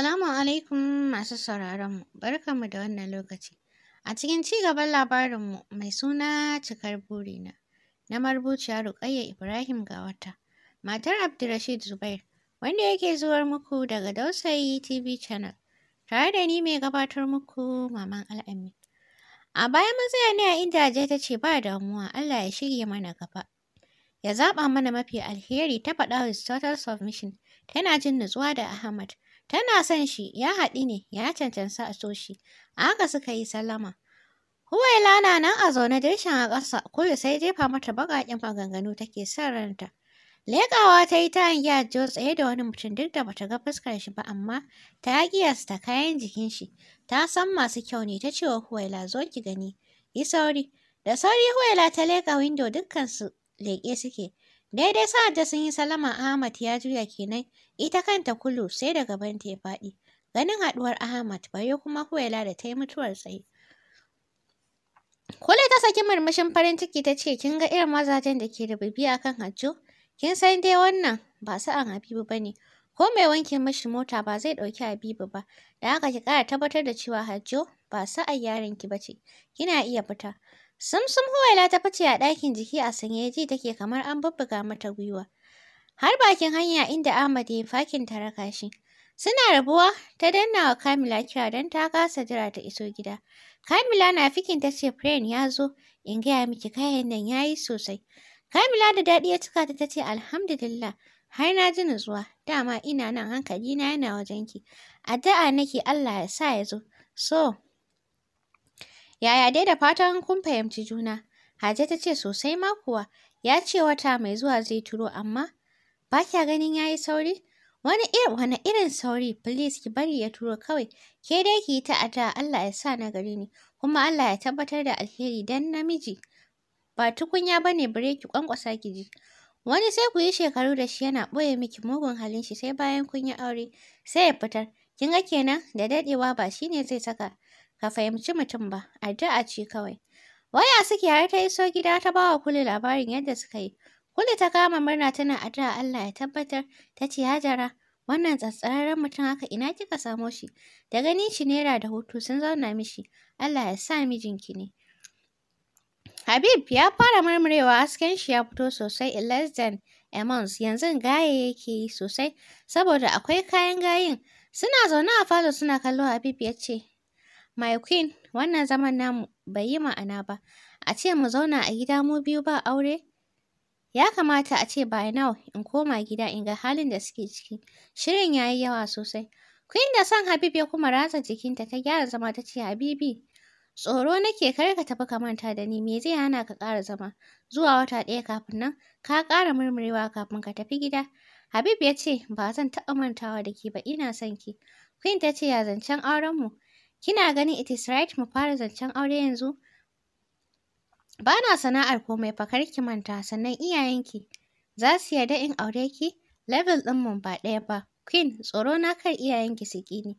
Salamu alaikum masu sauraronmu, mu da wannan lokaci. A cikin ci gaban labarinmu mai suna cikar burina na marubuciya Rukayya Ibrahim Gawata, matar Abdurrashid Zubair, wanda yake zuwar muku daga Dausayi TV Channel, tare da ni mai gabatar muku Maman al'ammi. A baya mun tsaya ne a inda Aje ta ce ba damuwa Allah ya shirya mana gaba. Ya zaɓa mana mafi alheri ta faɗa with total submission, tana jin nutsuwa da Ahmad. Tana son shi, ya haɗi ne, ya cancanci a so A haka suka yi sallama. Huwaila na nan a zaune dirshin a ƙasa, kullum sai jefa mata baƙaƙen maganganu take son ranta. Leƙawa ta yi ta hangi a jo tsaye da wani mutum duk da bata ga fuskar shi ba amma ta ƙiyasta kayan jikin shi. Ta san masu kyau ne ta cewa, wa Huwaila zo ki gani. Yi sauri. Da sauri Huwaila ta leƙa windo su leƙe suke. Daidai sa'ad da sun yi salama Ahmad ya juya kenan ita kanta kulu sai da ban ta ya faɗi. Ganin haɗuwar Ahmad bare kuma Huwaila da ta mutuwar tsaye. Kule ta saki murmushin farin ciki ta ce kin ga irin mazajen da ke da a kan hajjo? Kin san dai wannan ba sa'an Habibu ba ne. Ko mai wanke mashi mota ba zai ɗauki Habibu ba. Da haka ki ƙara tabbatar da cewa hajjo ba sa'an yaron ki bace. Kina iya fita. Sumsum Huwaila ta fice a ɗakin jiki a sanye ji take kamar an bubbuga mata gwiwa. Har bakin hanya inda Ahmad ya fakin ta raka shi. Suna rabuwa ta danna wa Kamila kira don ta kasa jira ta iso gida. Kamila na fikin ta ce Fren ya zo in gaya miki kayan nan ya yi sosai. Kamila da daɗi ya cika ta ta ce alhamdulillah har na ji nutsuwa dama ina nan hankalina yana wajenki. Addu'a nake Allah ya sa ya zo. So, Yaya dai da fatan kun fahimci juna? Hajiya ta ce sosai ma kuwa, ya ce wata mai zuwa zai turo amma ba kya ganin ya yi sauri? Wani irin wani irin sauri please ki bari ya turo kawai, ke dai ki yi ta ada Allah ya sa na gari ne, kuma Allah ya tabbatar da alheri dan namiji. Ba tukunya ba ne bare ki kwankwasa ki ji. Wani sai ku yi shekaru da shi yana ɓoye miki mugun halin shi sai bayan kun yi aure sai ya fitar. Kin ga kenan da daɗewa ba shi ne zai saka ka fahimci mutum ba, addu'a ce kawai. Waya suke har ta iso gida ta bawa Kulu labarin yadda suka yi. Kulu ta kama murna tana addu'a Allah ya tabbatar, ta ce Hajara, wannan tsatsararren mutum haka ina kika samo shi? Da gani shi nera da hutu sun zauna mishi, Allah ya sa mijinki ne. Habib ya fara murmurewa asken shi ya fito sosai in less than a month yanzu gaye yake yi sosai saboda akwai kayan gayin. Suna zaune a falo suna kallo Habib ya ce, My queen, wannan zaman namu bai yi ma'ana ba. A ce mu zauna a gida mu biyu ba aure? Ya kamata a ce by now in koma gida in ga halin da suke ciki. Shirin ya yi yawa sosai. Queen da son Habib ya kuma ratsa jikinta ta gyara zama ta ce Habibi, Tsoro nake kar ka tafi ka manta da ni, me zai hana ka ƙara zama? Zuwa wata ɗaya kafin nan, ka ƙara murmurewa kafin ka tafi gida. Habib ya ce, ba zan taɓa mantawa da ke ba, ina son ki. Queen ta ce, ya zancen aurenmu? Kina ganin it is right mu fara zancen aure yanzu? Ba na sana'ar komai kar ki manta sannan iyayenki za su yarda in aure ki level ɗin mun ba ɗaya ba. Queen tsoro na kar iyayenki su ƙi ni.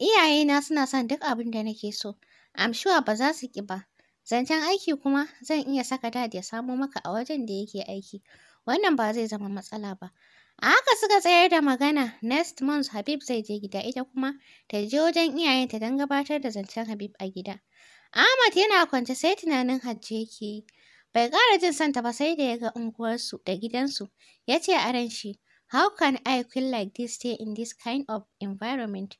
Iyayena suna son duk abin da nake so. I'm sure ba za su ƙi ba. Zancen aiki kuma zan iya saka dad ya samo maka a wajen da yake aiki. Wannan ba zai zama matsala ba. A haka suka tsayar da magana, next month Habib zai je gida ita kuma ta je wajen iyayenta don gabatar da zancen Habib a gida. Ahmad yana kwance sai tunanin hajji yake yi. Bai ƙara jin santa ba sai da ya ga unguwarsu da gidansu. Ya ce a ran shi, How can I feel like this stay in this kind of environment?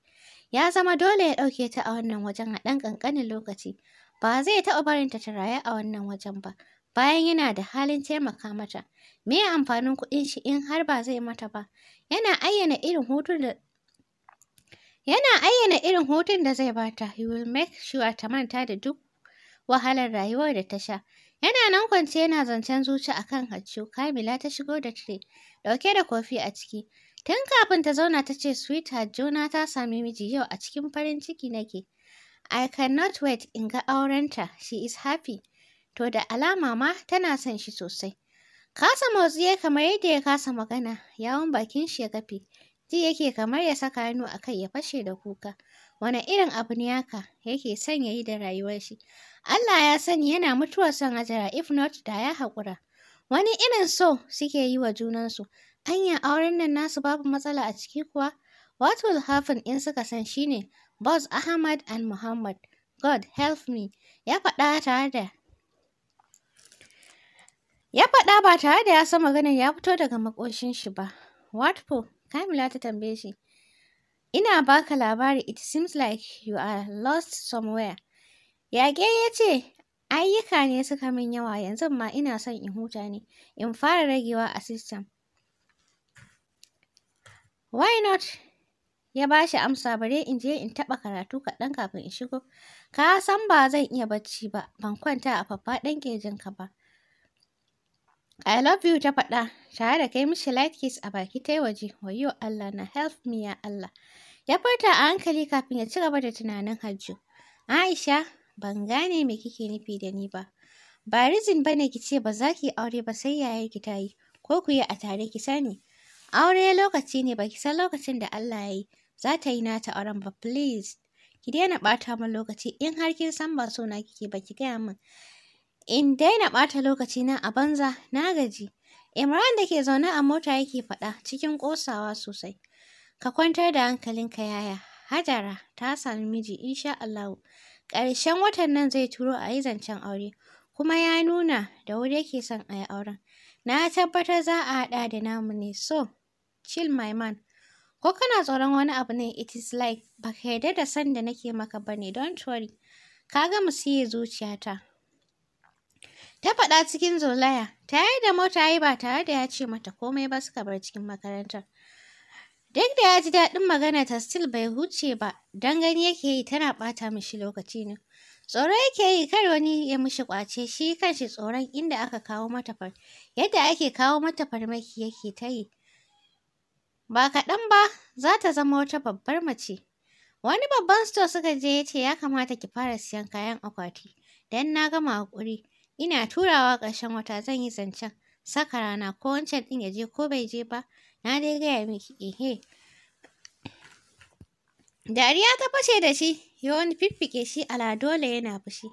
Ya zama dole ya ɗauke ta a wannan wajen a ɗan ƙanƙanin lokaci. Ba zai taɓa barinta ta rayu a wannan wajen ba. bayan yana da halin taimaka mata. Me amfanin kuɗin shi in har ba zai mata ba? Yana ayyana irin hutun da Yana ayyana irin hutun da zai bata. He will make sure ta manta da duk wahalar rayuwar da ta sha. Yana nan kwance yana zancen zuci akan Hachu, Kamila ta shigo da tire, ɗauke da kofi a ciki. Tun kafin ta zauna ta ce, Sweet juna ta sami miji yau a cikin farin ciki nake. I cannot wait in ga aurenta, she is happy. to da alama ma tana son shi sosai. Kasa motsi ya kamar yadda ya kasa magana, yawon bakin shi ya kafe, ji yake kamar ya saka hannu a kai ya fashe da kuka. Wane irin abu ne haka yake son ya yi da rayuwar shi? Allah ya sani yana mutuwar son Hajara if not da ya haƙura. Wani irin so suke yi wa junansu, anya auren nan nasu babu matsala a ciki kuwa? What will happen in suka san ne, Boss Ahmad and Muhammad, God help me, ya faɗa tare da Ya faɗa ba tare da ya san maganar ya fito daga makoshin shi ba. watpo Kamila ta tambaye shi. Ina baka labari it seems like you are lost somewhere. Yage ya ce, ayyuka ne suka min yawa yanzu ma ina son in huta ne, in fara ragewa a system. Why not? Ya ba shi amsa bare in je in taɓa karatu kaɗan kafin in shigo. Ka san ba zan iya bacci ba, ban kwanta a faffaɗan ka ba. I love you ta faɗa tare da kai mishi light kiss a baki ta waje. Wayo Allah na help me ya Allah. Ya furta a hankali kafin ya ci gaba da tunanin Hajju. Aisha, ban gane me kike nufi da ni ba. Ba rizin ba ne ki ce ba za ki aure ba sai yaya ki ta yi, ko ku yi a tare ki sani. Aure lokaci ne ba ki san lokacin da Allah ya yi, za ta yi nata auren ba please. Ki daina ɓata min lokaci in har kin san ba so na kike ba ki gaya min. In dai daina ɓata lokacina a banza, na gaji. Imran da ke zaune a mota yake faɗa cikin ƙosawa sosai. Ka kwantar da hankalin ka, yaya, Hajara ta sami miji insha Allahu. Ƙarshen watan nan zai turo a yi zancen aure, kuma ya nuna da wuri yake son a yi auren. Na tabbatar za a haɗa da namu ne, so chill my man. Ko kana tsoron wani abu ne it is like baka yarda da san da nake maka bane don't worry. Ka ga musiye zuciyata. Ta faɗa cikin zolaya, ta yi da mota yi ba tare da ya ce mata komai ba suka bar cikin makarantar. Duk da ya ji daɗin magana ta still bai huce ba, don gani yake yi tana ɓata mishi lokaci ne. Tsoro yake yi kar wani ya mishi ƙwace shi kanshi tsoron inda aka kawo mata Yadda ake kawo mata farmaki yake ta yi. Ba kaɗan ba, za ta zama wata babbar mace. Wani babban store suka je ya ce ya kamata ki fara siyan kayan akwati, don na gama haƙuri. Ina turawa ƙarshen wata zan yi zancen. Saka rana ko wancan ɗin ya je ko bai je ba. Na dai gaya miki ehe. Dariya ta fashe da shi, ya wani fiffike shi ala dole yana fushi.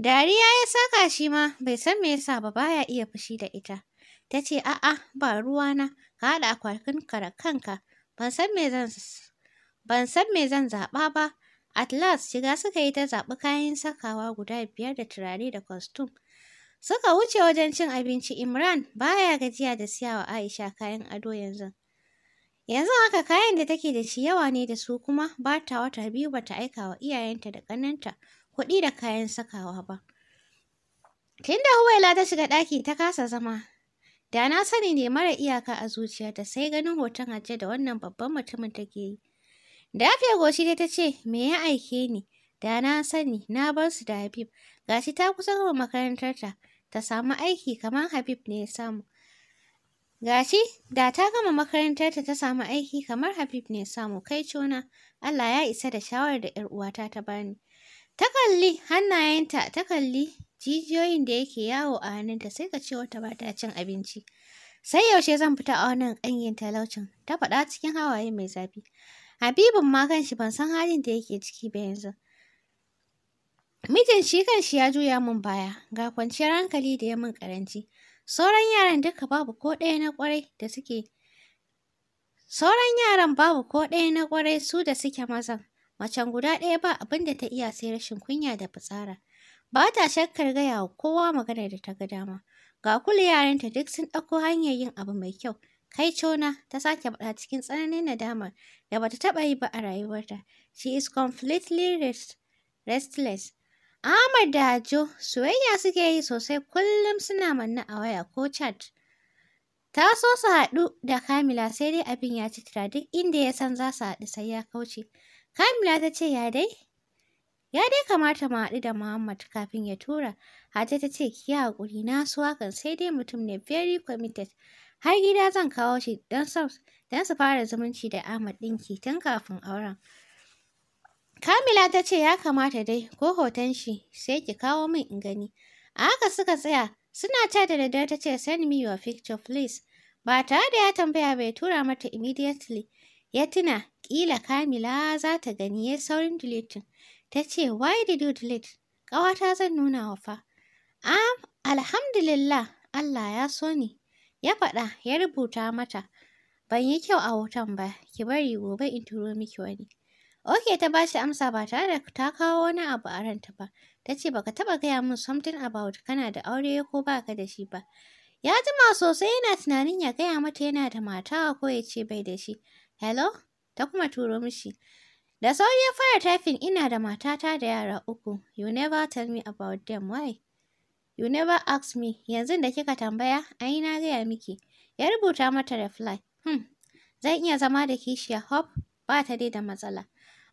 Dariya ya saka shi ma bai san me yasa ba baya iya fushi da ita. Ta ce a'a ba ruwana ka haɗa akwatinka da kanka ban san me ban san me zan zaɓa ba atlas shiga suka yi ta zaɓi kayan sakawa guda biyar da turare da kwastum. Suka wuce wajen cin abinci Imran baya gajiya da siya wa Aisha kayan ado yanzu. Yanzu haka kayan da take da shi yawa ne da su kuma ba ta wata biyu ba ta aika wa iyayenta da ƙananta kuɗi da kayan sakawa ba. Tun da Huwaila ta shiga ɗaki ta kasa zama, da na sani ne mara iyaka a zuciyarta sai ganin hoton Hajja da wannan babban mutumin take yi. Dafiya goshi dai ta ce, me ya aike ni? Da na sani, na bar su da Habib. Gashi ta kusa gama makarantarta, ta samu aiki kamar Habib ne ya samu. Gashi, da ta gama makarantarta ta samu aiki kamar Habib ne ya samu, kai cona, Allah ya isa da shawarar da ‘yar uwata ta bani. Ta kalli hannayenta, ta kalli jijiyoyin da yake yawo a hannunta sai ka ce wata ba cin abinci. Sai yaushe zan fita a wannan ƙanyen talaucin, ta faɗa cikin hawaye mai zafi. Habibun ma kanshi ban san halin da yake ciki ba yanzu. Mijin shi kanshi ya juya min baya, ga kwanciyar hankali da ya mun karanci. Sauran yaran duka babu ko ɗaya na ƙwarai da suke. Sauran yaran babu ko ɗaya na ƙwarai su da suke mazan. Macen guda ɗaya ba abin da ta iya sai rashin kunya da fitsara. Ba ta shakkar gaya kowa magana da ta ga dama. Ga kula yaranta duk sun ɗauko hanyar yin abu mai kyau. Kai Chona ta sake faɗa cikin tsananin nadama da bata taɓa yi ba a rayuwarta. She is completely rest, restless. Ahmad da Hajo soyayya suke yi sosai kullum suna manna a waya ko chat. Ta so su haɗu da Kamila sai dai abin ya ci citira duk inda ya san za su haɗu sai ya kauce. Kamila ta ce ya dai? Ya dai kamata mu haɗu da Muhammad kafin ya tura. Hajja ta ce ki haƙuri na so hakan sai dai mutum ne very committed. Har gida zan kawo shi don su fara zumunci da Ahmad ɗinki tun kafin auren. Kamila ta ce ya kamata dai ko hoton shi sai ki kawo min in gani. A haka suka tsaya suna ta da daddare ta ce send me your picture please. Ba tare da ya tambaya bai tura mata immediately. Ya tuna ƙila Kamila za ta gani ya saurin deleting. Ta ce why did you delete? Ƙawata zan nuna wa fa. Am alhamdulillah Allah ya so ni. Ya faɗa, ya rubuta mata. Ban yi kyau a hoton ba, ki bari gobe in turo miki wani. Oke ta bashi amsa ba tare da ta kawo wani abu a ranta ba. Ta ce baka taɓa gaya min something about kana da aure ko baka da shi ba. Ya jima sosai yana tunanin ya gaya mata yana da mata ko ya ce bai da shi. Hello? Ta kuma turo mishi. Da sauri ya fara tafin ina da matata da yara uku. You never tell me about them why? You never ask me, yanzu da kika tambaya, ai na gaya miki. Ya rubuta mata reply, hmm, zan iya zama da kishiya hop, ba ta dai da matsala.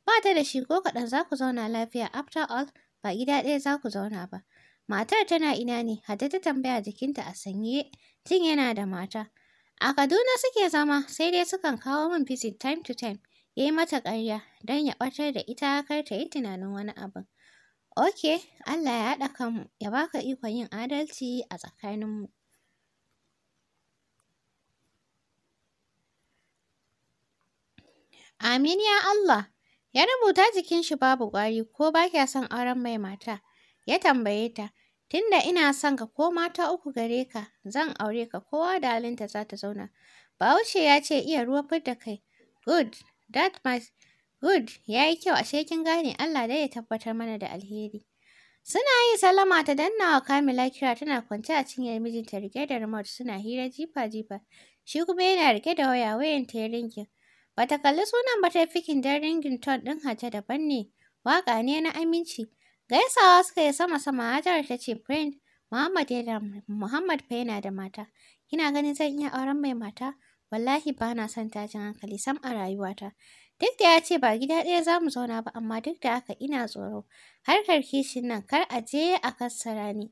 Ba ta da shi ko kaɗan za ku zauna lafiya after all, ba gida ɗaya za ku zauna ba. Matar tana ina ne, hadda ta tambaya jikinta a sanye, tun yana da mata. A Kaduna suke zama, sai dai sukan kawo min visit time to time, ya yi mata ƙarya don ya ɓatar da ita kar ta yi tunanin wani abin. Oke, Allah ya haɗa kanmu, ya baka ikon yin adalci a tsakaninmu. Amin ya Allah, ya rubuta jikin shi babu ƙwari ko ba kya son auren mai mata, ya tambaye ta, tunda ina son ka ko mata uku gare ka, zan aure ka kowa da halinta za ta zauna. Bahaushe ya ce iya ruwa fidda kai, good, that must... Good, ya yi kyau ashe kin gane Allah dai ya tabbatar mana da alheri. Suna yi salama ta danna wa Kamila kira tana kwance a cinyar mijinta rike da remote suna hira jifa-jifa. Shi kuma yana rike da waya wayan ta ringin. Bata kalli sunan ba ta fikin dan ringin ton ɗin Hajja daban ne. Waƙa ne na aminci. Gaisawa suka yi sama-sama Hajar ta ce friend Muhammad yana Muhammad fa yana da mata. Kina ganin zan iya auren mai mata? Wallahi ba na son tajin hankali sam a rayuwata. Duk da ya ce ba gida ɗaya za mu zauna ba, amma duk da haka ina tsoro. Harkar kishin nan kar a je a kassara ni.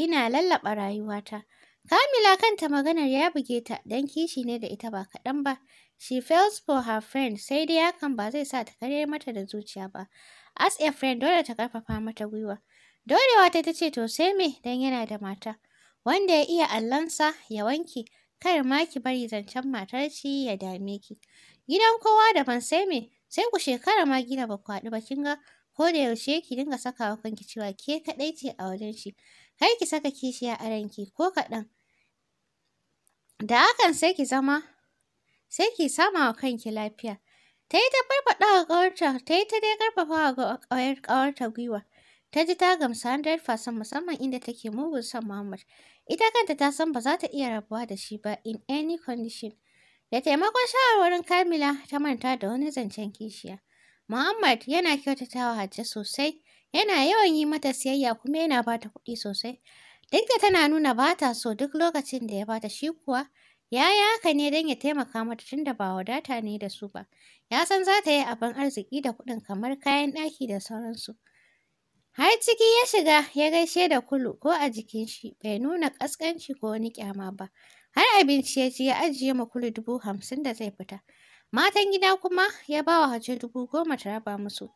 Ina lallaɓa rayuwata. Kamila kanta maganar ya buge ta don kishi ne da ita ba kaɗan ba. She fails for her friend sai dai hakan ba zai sa ta karyar mata da zuciya ba. As a friend dole ta ƙarfafa mata gwiwa. Dorewa ta ce to sai me don yana da mata. Wanda ya iya allansa ya wanke, kar ma ki bari zancen matar shi ya dame ki. Gidan kowa daban sai me, sai ku shekara ma gina ba ku haɗu ba kin ga ko da yaushe ki dinga saka wa kanki cewa ke kaɗai ce a wajen shi. Kar ki saka kishiya a ranki ko kaɗan. Da hakan sai ki zama sai ki sama wa kanki lafiya. Ta yi ta farfaɗa wa ƙawarta, ta yi ta dai ƙarfafa wa ƙawarta gwiwa. Ta ji ta gamsu 100% musamman inda take mugun son Muhammad. Ita kanta ta san ba za ta iya rabuwa da shi ba in any condition. Da taimakon shawarwarin Kamila ta manta da wani zancen kishiya. Muhammad yana kyautatawa Hajja sosai, yana yawan yi mata siyayya kuma yana bata kuɗi sosai. Duk da tana nuna ba ta so duk lokacin da ya ba ta shi kuwa, ya yi haka ne don ya taimaka mata tunda ba wadata ne da su ba. Ya san za ta yi abin arziki da kuɗin kamar kayan ɗaki da sauransu. Har ciki ya shiga ya gaishe da kulu ko a jikin shi bai nuna ƙasƙanci ko wani ƙyama ba. har abinci ya ci ya ajiye ma kulu dubu hamsin da zai fita matan gida kuma ya ba wa hajji dubu goma ta raba musu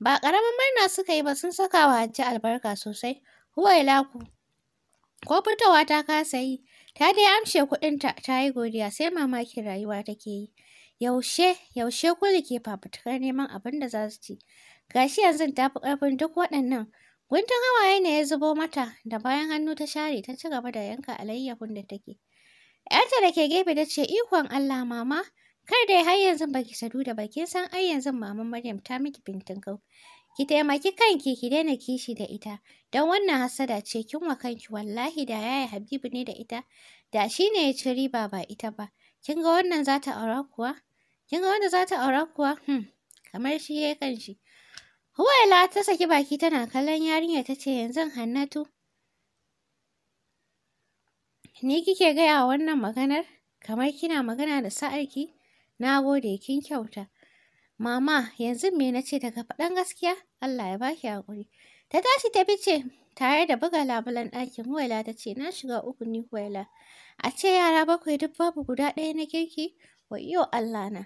ba ƙaramin murna suka yi ba sun saka wa hajji albarka sosai huwaila ku ko fitowa ta kasa yi ta dai amshe kuɗinta ta yi godiya sai mamakin rayuwa take yi yaushe yaushe kulu ke fafutukar neman abin da za su ci gashi yanzu ta fi ƙarfin duk waɗannan Guntun hawaye ne ya zubo mata da bayan hannu ta share ta ci gaba da yanka alayyahun da take. Yarta da ke gefe ta ce, Ikon Allah mama, kar dai har yanzu ba ki sadu da bakin san ai yanzu maman Maryam ta miki bintin kau. Ki taimaki kanki ki daina kishi da ita, don wannan hasada ce kin wa kanki wallahi da yaya Habibu ne da ita, da shi ne ya ci riba ba ita ba. Kin ga wannan za ta aura kuwa? Kin ga wanda za ta aura kuwa? Hmm, kamar shi ya kan shi. Huwaila ta saki baki tana kallon yarinya ta ce yanzu Hannatu Ni kike gaya wannan maganar? Kamar kina magana da sa'arki? Na gode kin kyauta. Mama, yanzu me na ce daga faɗan gaskiya? Allah ya baki hakuri. Ta tashi ta fice tare da buga labulan ɗakin Huwaila ta ce, Na shiga uku ni Huwaila. A ce yara bakwai duk babu guda ɗaya na kirki? iyo Allah na.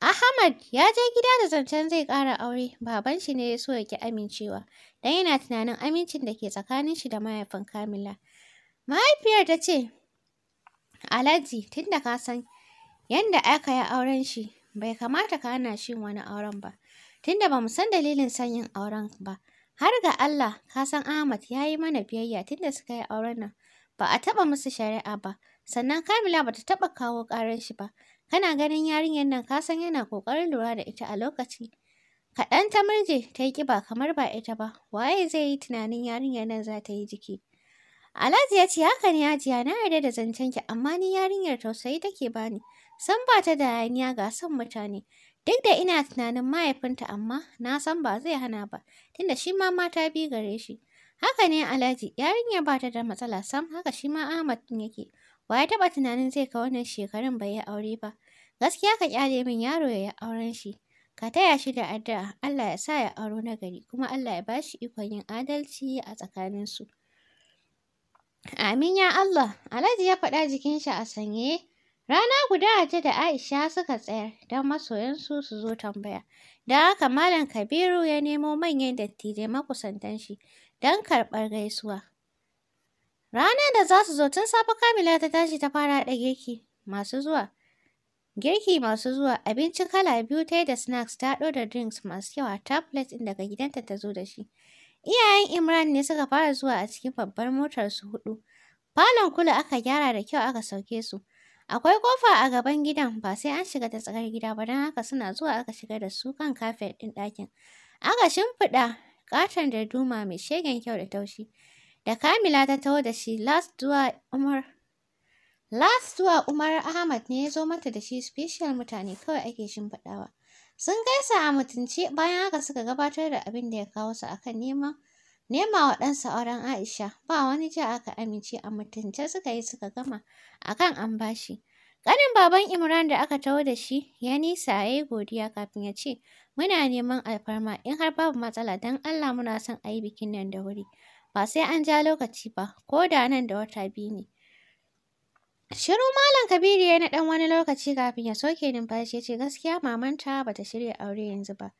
Ahmad ya je gida da zancen zai ƙara aure, baban shi ne ya so ya ki amincewa, don yana tunanin amincin da ke tsakanin shi da mahaifin Kamila. Mahaifiyar ta ce, Alhaji, tun da ka san yadda aka yi auren shi, bai kamata ka hana shi wani auren ba, tun da ba mu san dalilin son yin auren ba. Har ga Allah, ka san Ahmad ya yi mana biyayya tun da suka yi auren nan, ba a taɓa musu shari'a ba, sannan Kamila ba ta taɓa kawo ƙarar shi ba. Kana ganin yarinyar nan ka san yana kokarin lura da ita a lokaci. Kaɗan ta murje ta yi ƙiba kamar ba ita ba, waye zai yi tunanin yarinyar nan za ta yi jiki. Alhaji ya ce haka ne hajiya na yarda da zancen ki amma ni yarinyar tausayi take bani. San ba ta da hayaniya ga son mutane. Duk da ina tunanin mahaifinta amma na san ba zai hana ba tunda shi ma mata biyu gare shi. Haka ne Alhaji yarinyar ba ta da matsala sam haka shi ma Ahmad yake. Wa ya taɓa tunanin zai ka wannan shekarun bai yi aure ba. Gaskiya ka kyale min yaro ya yi auren shi. Ka taya shi da addu'a Allah ya sa ya auro na gari kuma Allah ya bashi ikon yin adalci a tsakaninsu. Amin ya Allah, Alhaji ya faɗa jikin shi a sanye. Rana guda Hajja da Aisha suka tsayar don masoyansu su zo tambaya. Don haka Malam Kabiru ya nemo manyan dattijai makusantan shi don karɓar gaisuwa. Ranar da za su zo tun safe Kamila ta tashi ta fara da girki masu zuwa. Girki masu zuwa, abincin kala biyu ta da snacks ta haɗo da drinks masu yawa tablet ɗin daga gidanta ta zo da shi. Iyayen Imran ne suka fara zuwa a cikin babbar motar su huɗu. Falon kula aka gyara da kyau aka sauke su. Akwai kofa a gaban gidan ba sai an shiga ta tsakar gida ba don haka suna zuwa aka shiga da su kan kafet ɗin ɗakin. Aka shimfiɗa katon da duma mai shegen kyau da taushi. da Kamila ta taho da shi last zuwa Umar. Ahmad ne ya zo mata da shi special mutane kawai ake shimfiɗawa. Sun gaisa a mutunci bayan haka suka gabatar da abin da ya kawo su akan neman nema wa ɗansa auren Aisha ba wani ja aka amince a mutunce suka yi suka gama akan an bashi. Ƙanin baban Imran da aka taho da shi ya nisa ya yi godiya kafin ya ce muna neman alfarma in har babu matsala don Allah muna son a yi bikin nan da wuri. ba sai an ja lokaci ba, ko da nan da wata biyu ne. Shiru Malam Kabiru ya yi na ɗan wani lokaci kafin ya soke numfashi ya ce gaskiya mamanta ba ta shirya aure yanzu ba.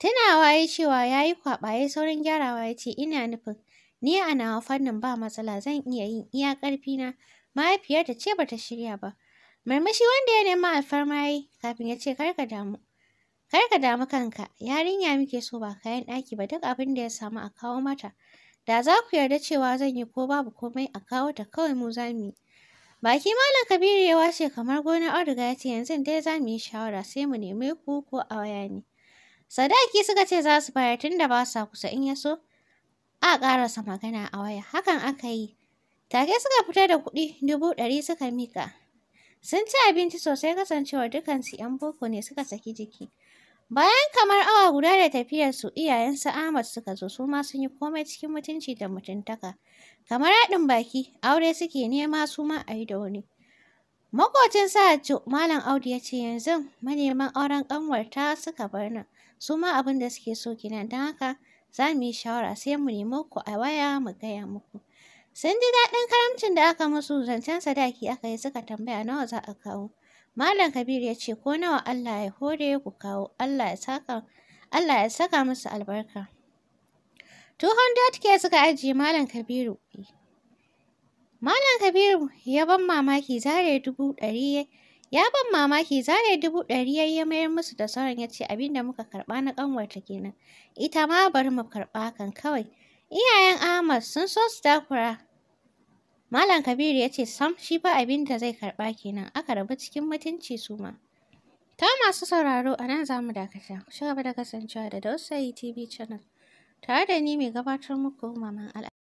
Tunawa ya cewa ya yi kwaɓa ya saurin gyarawa ya ce ina nufin ni a nawa fannin ba matsala zan iya yin iya ƙarfina mahaifiyarta ce ba ta shirya ba. Marmashi wanda ya nemi alfarma yi kafin ya ce kar ka damu. Kar ka damu kanka yarinya muke so ba kayan ɗaki ba duk abin da ya samu a kawo mata. Da za ku yarda cewa zan yi ko babu komai a kawo ta kawai mu za mu yi. Baki Malam Kabiru ya washe kamar gonar auduga ya ce yanzu dai za mu yi shawara sai mu nemi ku ko a waya ne. Sadaki suka ce za su bayar tun da ba sa kusa in ya so. A ƙarasa magana a waya hakan aka yi. Take suka fita da kuɗi dubu ɗari suka mika. Sun ci abinci sosai kasancewar dukansu ‘yan boko ne suka saki jiki. Bayan kamar awa guda da tafiyarsu, iyayensu Ahmad suka zo su ma sun yi komai cikin mutunci da mutuntaka. Kamar haɗin baki, aure suke nema su ma a yi da wani. Makocin Sa'adjo, Malam Audu ya ce yanzu maneman auren ƙanwarta suka bar nan, su ma abin da suke so kenan don haka za mu yi shawara sai mu nemo ku a waya mu gaya muku. Sun ji daɗin karamcin da aka musu zancen sadaki aka yi suka tambaya nawa za a kawo. Malam Kabir ya ce ko nawa Allah ya hore ku kawo Allah ya saka musu albarka. 200k suka ajiye Malam Kabiru. Malam Kabiru ya ban mamaki zare dubu ɗari ya ban mamaki zare dubu ɗari ya mayar musu da sauran ya ce abinda muka karɓa na ƙanwarta kenan. Ita ma bari mu karɓa kan kawai. Iyayen Ahmad sun so su takura Malam Kabiru ya ce sam shi ba abin da zai karɓa kenan aka rabu cikin mutunci su ma. Ta masu sauraro a nan za mu dakata. Ku ci gaba da kasancewa da Dausayi TV channel. Tare da ni mai gabatar muku Maman al'ada.